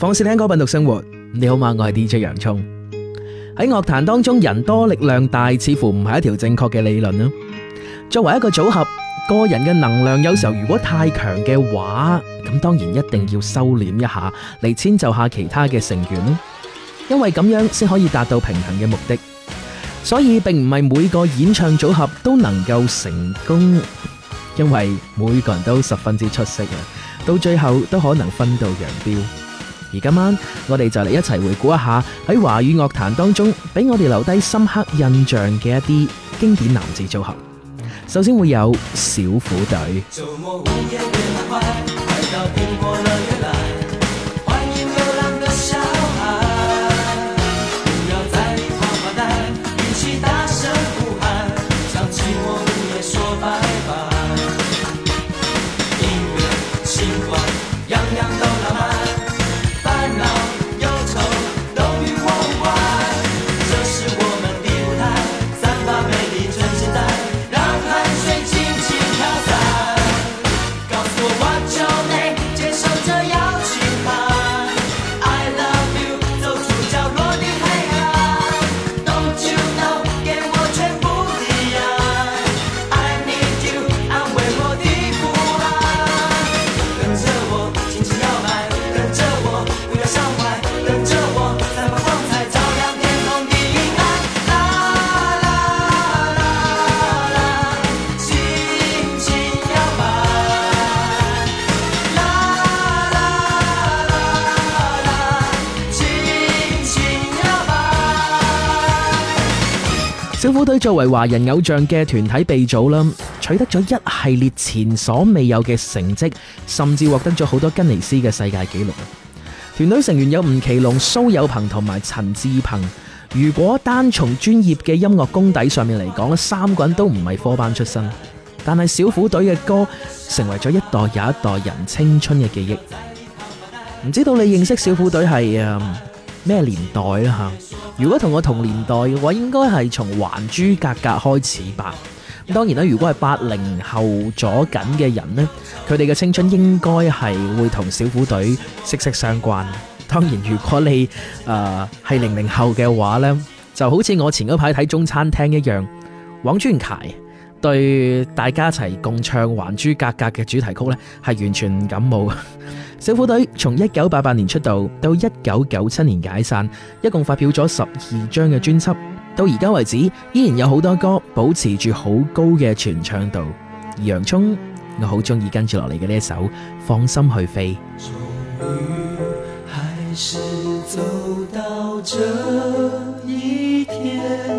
放肆聽歌品讀生活，你好嗎？我係 DJ 洋葱。喺樂壇當中，人多力量大，似乎唔係一條正確嘅理論咯。作為一個組合，個人嘅能量有時候如果太強嘅話，咁當然一定要收斂一下，嚟遷就下其他嘅成員咯。因為咁樣先可以達到平衡嘅目的。所以並唔係每個演唱組合都能夠成功，因為每個人都十分之出色啊，到最後都可能分道揚鑣。而今晚我哋就嚟一齊回顧一下喺華語樂壇當中俾我哋留低深刻印象嘅一啲經典男子組合。首先會有小虎隊。作為華人偶像嘅團體鼻祖啦，取得咗一系列前所未有嘅成績，甚至獲得咗好多吉尼斯嘅世界紀錄。團隊成員有吳奇隆、蘇有朋同埋陳志朋。如果單從專業嘅音樂功底上面嚟講，三個人都唔係科班出身，但係小虎隊嘅歌成為咗一代又一代人青春嘅記憶。唔知道你認識小虎隊係誒？嗯咩年代啊？吓？如果同我同年代嘅話，應該係從還珠格格開始吧。當然啦，如果係八零後咗緊嘅人呢，佢哋嘅青春應該係會同小虎隊息息相關。當然，如果你誒係零零後嘅話呢，就好似我前嗰排睇中餐廳一樣，王俊凱。對大家一齊共唱《還珠格格》嘅主題曲呢，係完全唔感冒。小虎隊從一九八八年出道到一九九七年解散，一共發表咗十二張嘅專輯，到而家為止依然有好多歌保持住好高嘅傳唱度。而洋葱，我好中意跟住落嚟嘅呢一首《放心去飛》。終於還是走到這一天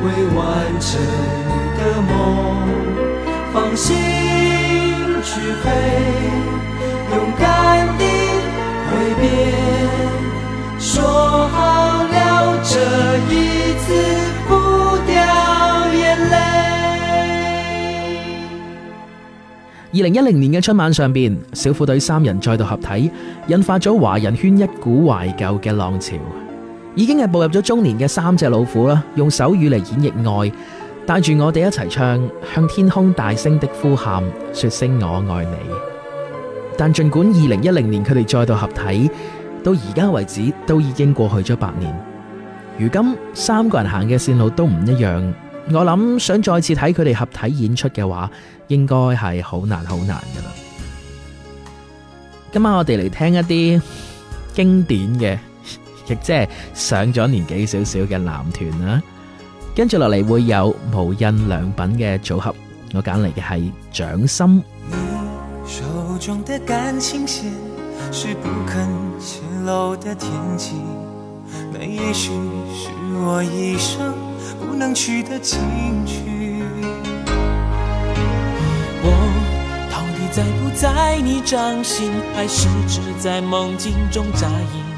未完成的夢，放心去飛，勇敢地揮別，說好了這一次不掉眼淚。二零一零年嘅春晚上邊，小虎隊三人再度合體，引發咗華人圈一股懷舊嘅浪潮。已經係步入咗中年嘅三隻老虎啦，用手語嚟演繹愛，帶住我哋一齊唱，向天空大聲的呼喊，說聲我愛你。但儘管二零一零年佢哋再度合體，到而家為止都已經過去咗八年。如今三個人行嘅綫路都唔一樣，我諗想，想再次睇佢哋合體演出嘅話，應該係好難好難噶啦。今晚我哋嚟聽一啲經典嘅。亦即係上咗年紀少少嘅男團啦，跟住落嚟，會有無印良品嘅組合，我揀嚟嘅係掌心。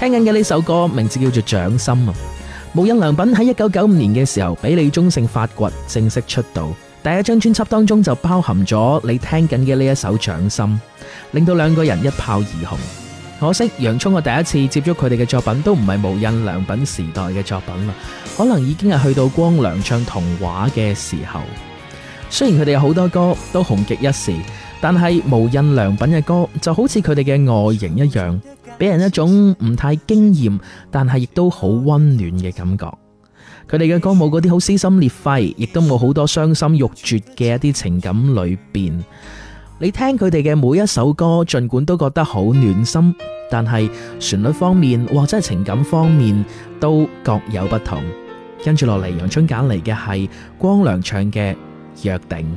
聽緊嘅呢首歌名字叫做《掌心》啊！無印良品喺一九九五年嘅時候俾李宗盛發掘，正式出道。第一張專輯當中就包含咗你聽緊嘅呢一首《掌心》，令到兩個人一炮而紅。可惜，洋蔥我第一次接觸佢哋嘅作品都唔係無印良品時代嘅作品啦，可能已經係去到光良唱童話嘅時候。雖然佢哋有好多歌都紅極一時。但係無印良品嘅歌就好似佢哋嘅外形一樣，俾人一種唔太驚艷，但係亦都好溫暖嘅感覺。佢哋嘅歌冇嗰啲好撕心裂肺，亦都冇好多傷心欲絕嘅一啲情感裏邊。你聽佢哋嘅每一首歌，盡管都覺得好暖心，但係旋律方面或者係情感方面都各有不同。跟住落嚟，楊春揀嚟嘅係光良唱嘅約定。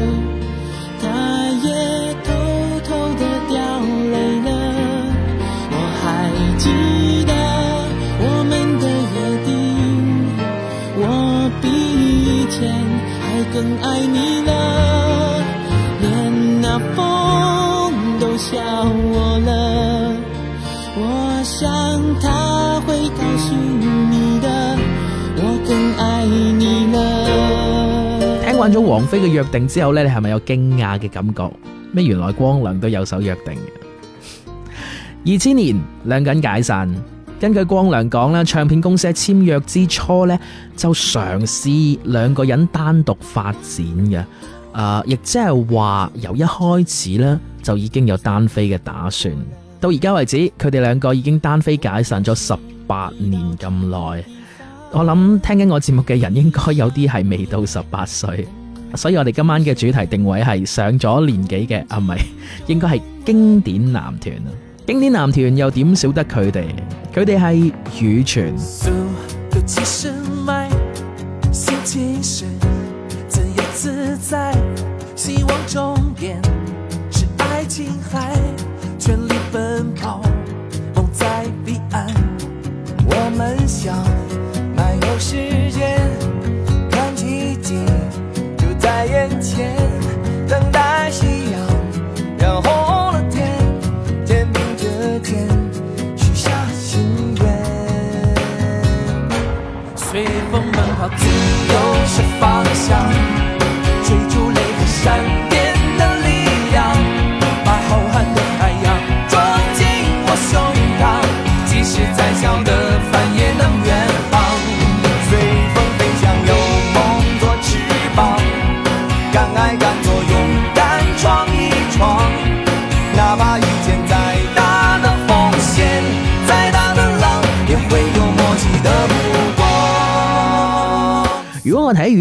你的我更愛你了，聽完咗王菲嘅約定之後呢，你係咪有驚訝嘅感覺？咩？原來光良都有首約定嘅。二千年兩緊解散。根據光良講，唱片公司喺簽約之初呢就嘗試兩個人單獨發展嘅，誒、呃，亦即係話由一開始呢，就已經有單飛嘅打算。到而家為止，佢哋兩個已經單飛解散咗十八年咁耐。我諗聽緊我節目嘅人應該有啲係未到十八歲，所以我哋今晚嘅主題定位係上咗年紀嘅，啊，唔係，應該係經典男團啊。經典男團又點少得佢哋？佢哋係羽泉。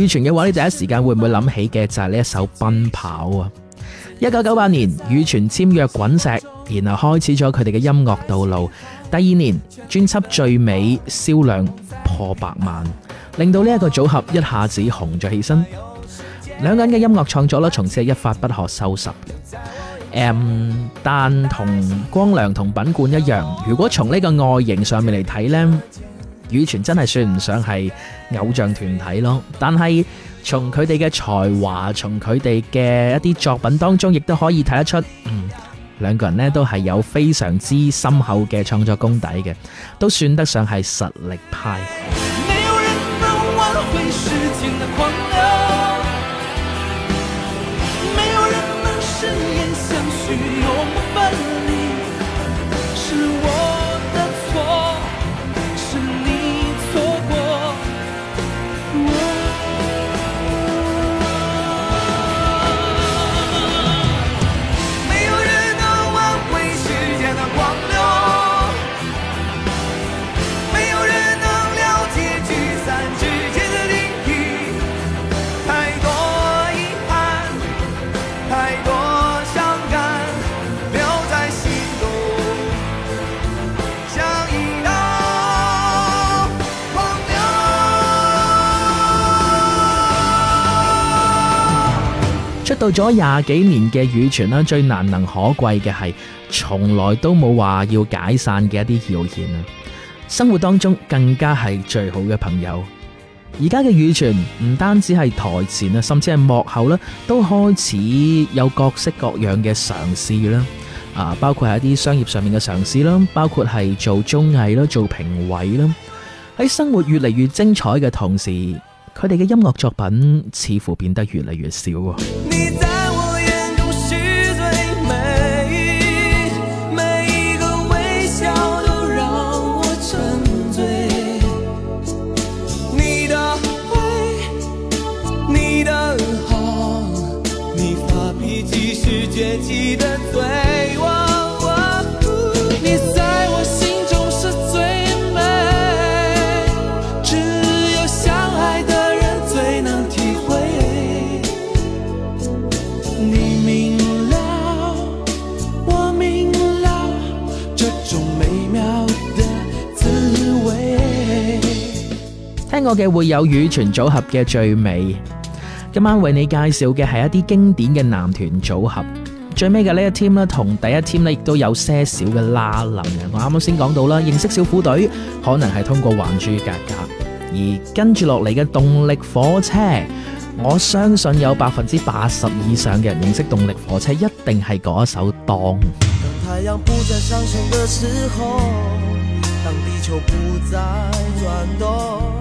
羽泉嘅話你第一時間會唔會諗起嘅就係呢一首《奔跑》啊！一九九八年，羽泉簽約滾石，然後開始咗佢哋嘅音樂道路。第二年，專輯《最美》銷量破百萬，令到呢一個組合一下子紅咗起身。兩人嘅音樂創作咧，從此一發不可收拾。嗯，但同光良同品冠一樣，如果從呢個外形上面嚟睇呢，羽泉真係算唔上係偶像團體咯，但係從，但係從佢哋嘅才華，從佢哋嘅一啲作品當中，亦都可以睇得出，嗯，兩個人呢都係有非常之深厚嘅創作功底嘅，都算得上係實力派。出道咗廿幾年嘅羽泉啦，最難能可貴嘅係從來都冇話要解散嘅一啲謠言啊！生活當中更加係最好嘅朋友。而家嘅羽泉唔單止係台前啦，甚至係幕後啦，都開始有各式各樣嘅嘗試啦。啊，包括係一啲商業上面嘅嘗試啦，包括係做綜藝啦、做評委啦。喺生活越嚟越精彩嘅同時，佢哋嘅音樂作品似乎變得越嚟越少。嘅會有羽泉組合嘅最尾，今晚為你介紹嘅係一啲經典嘅男團組合。最尾嘅呢一 team 呢，同第一 team 呢，亦都有些少嘅拉近。我啱啱先講到啦，認識小虎隊可能係通過《還珠格格》，而跟住落嚟嘅動力火車，我相信有百分之八十以上嘅人認識動力火車，一定係嗰一首《當》。當太陽不再上升嘅時候，當地球不再轉動。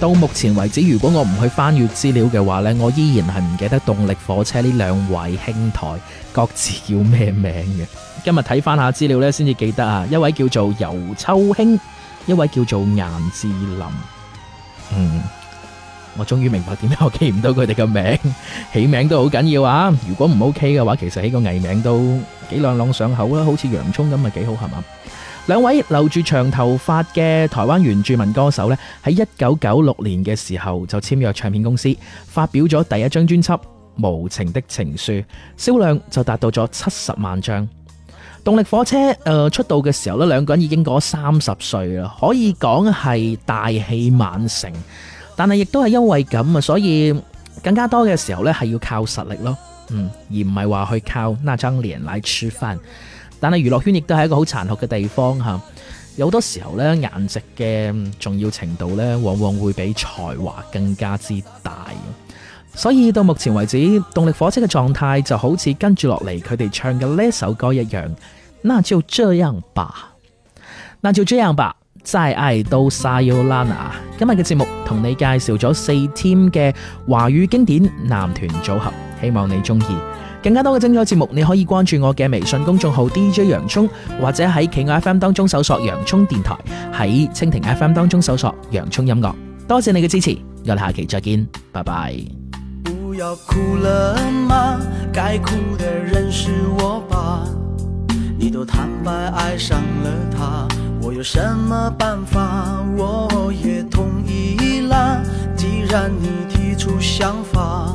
到目前為止，如果我唔去翻閱資料嘅話呢，我依然係唔記得動力火車呢兩位兄台各自叫咩名嘅。今日睇翻下資料呢，先至記得啊，一位叫做尤秋興，一位叫做顏志林。嗯，我終於明白點解我記唔到佢哋嘅名字，起名都好緊要啊！如果唔 OK 嘅話，其實起個藝名都幾朗朗上口啦，好似洋葱咁，咪幾好係嘛？兩位留住長頭髮嘅台灣原住民歌手咧，喺一九九六年嘅時候就簽約唱片公司，發表咗第一張專輯《無情的情書》，銷量就達到咗七十萬張。動力火車誒、呃、出道嘅時候咧，兩個人已經過三十歲啦，可以講係大器晚成，但係亦都係因為咁啊，所以更加多嘅時候呢係要靠實力咯。嗯，而唔係話去靠那張臉嚟吃飯。但係娛樂圈亦都係一個好殘酷嘅地方吓，有好多時候咧，顏值嘅重要程度咧，往往會比才華更加之大。所以到目前為止，動力火車嘅狀態就好似跟住落嚟佢哋唱嘅呢首歌一樣。那就這樣吧，那就這樣吧。真係到撒尤啦！今日嘅節目同你介紹咗四 team 嘅華語經典男團組合，希望你中意。更加多嘅精彩節目，你可以關注我嘅微信公眾號 DJ 洋葱，或者喺企鵝 FM 當中搜索洋葱電台，喺蜻蜓 FM 當中搜索洋葱音樂。多謝你嘅支持，我哋下期再見，拜拜。不要哭了嗎，該哭的人是我吧，你都坦白愛上了他，我有什麼辦法。我也同意啦，既然你提出想法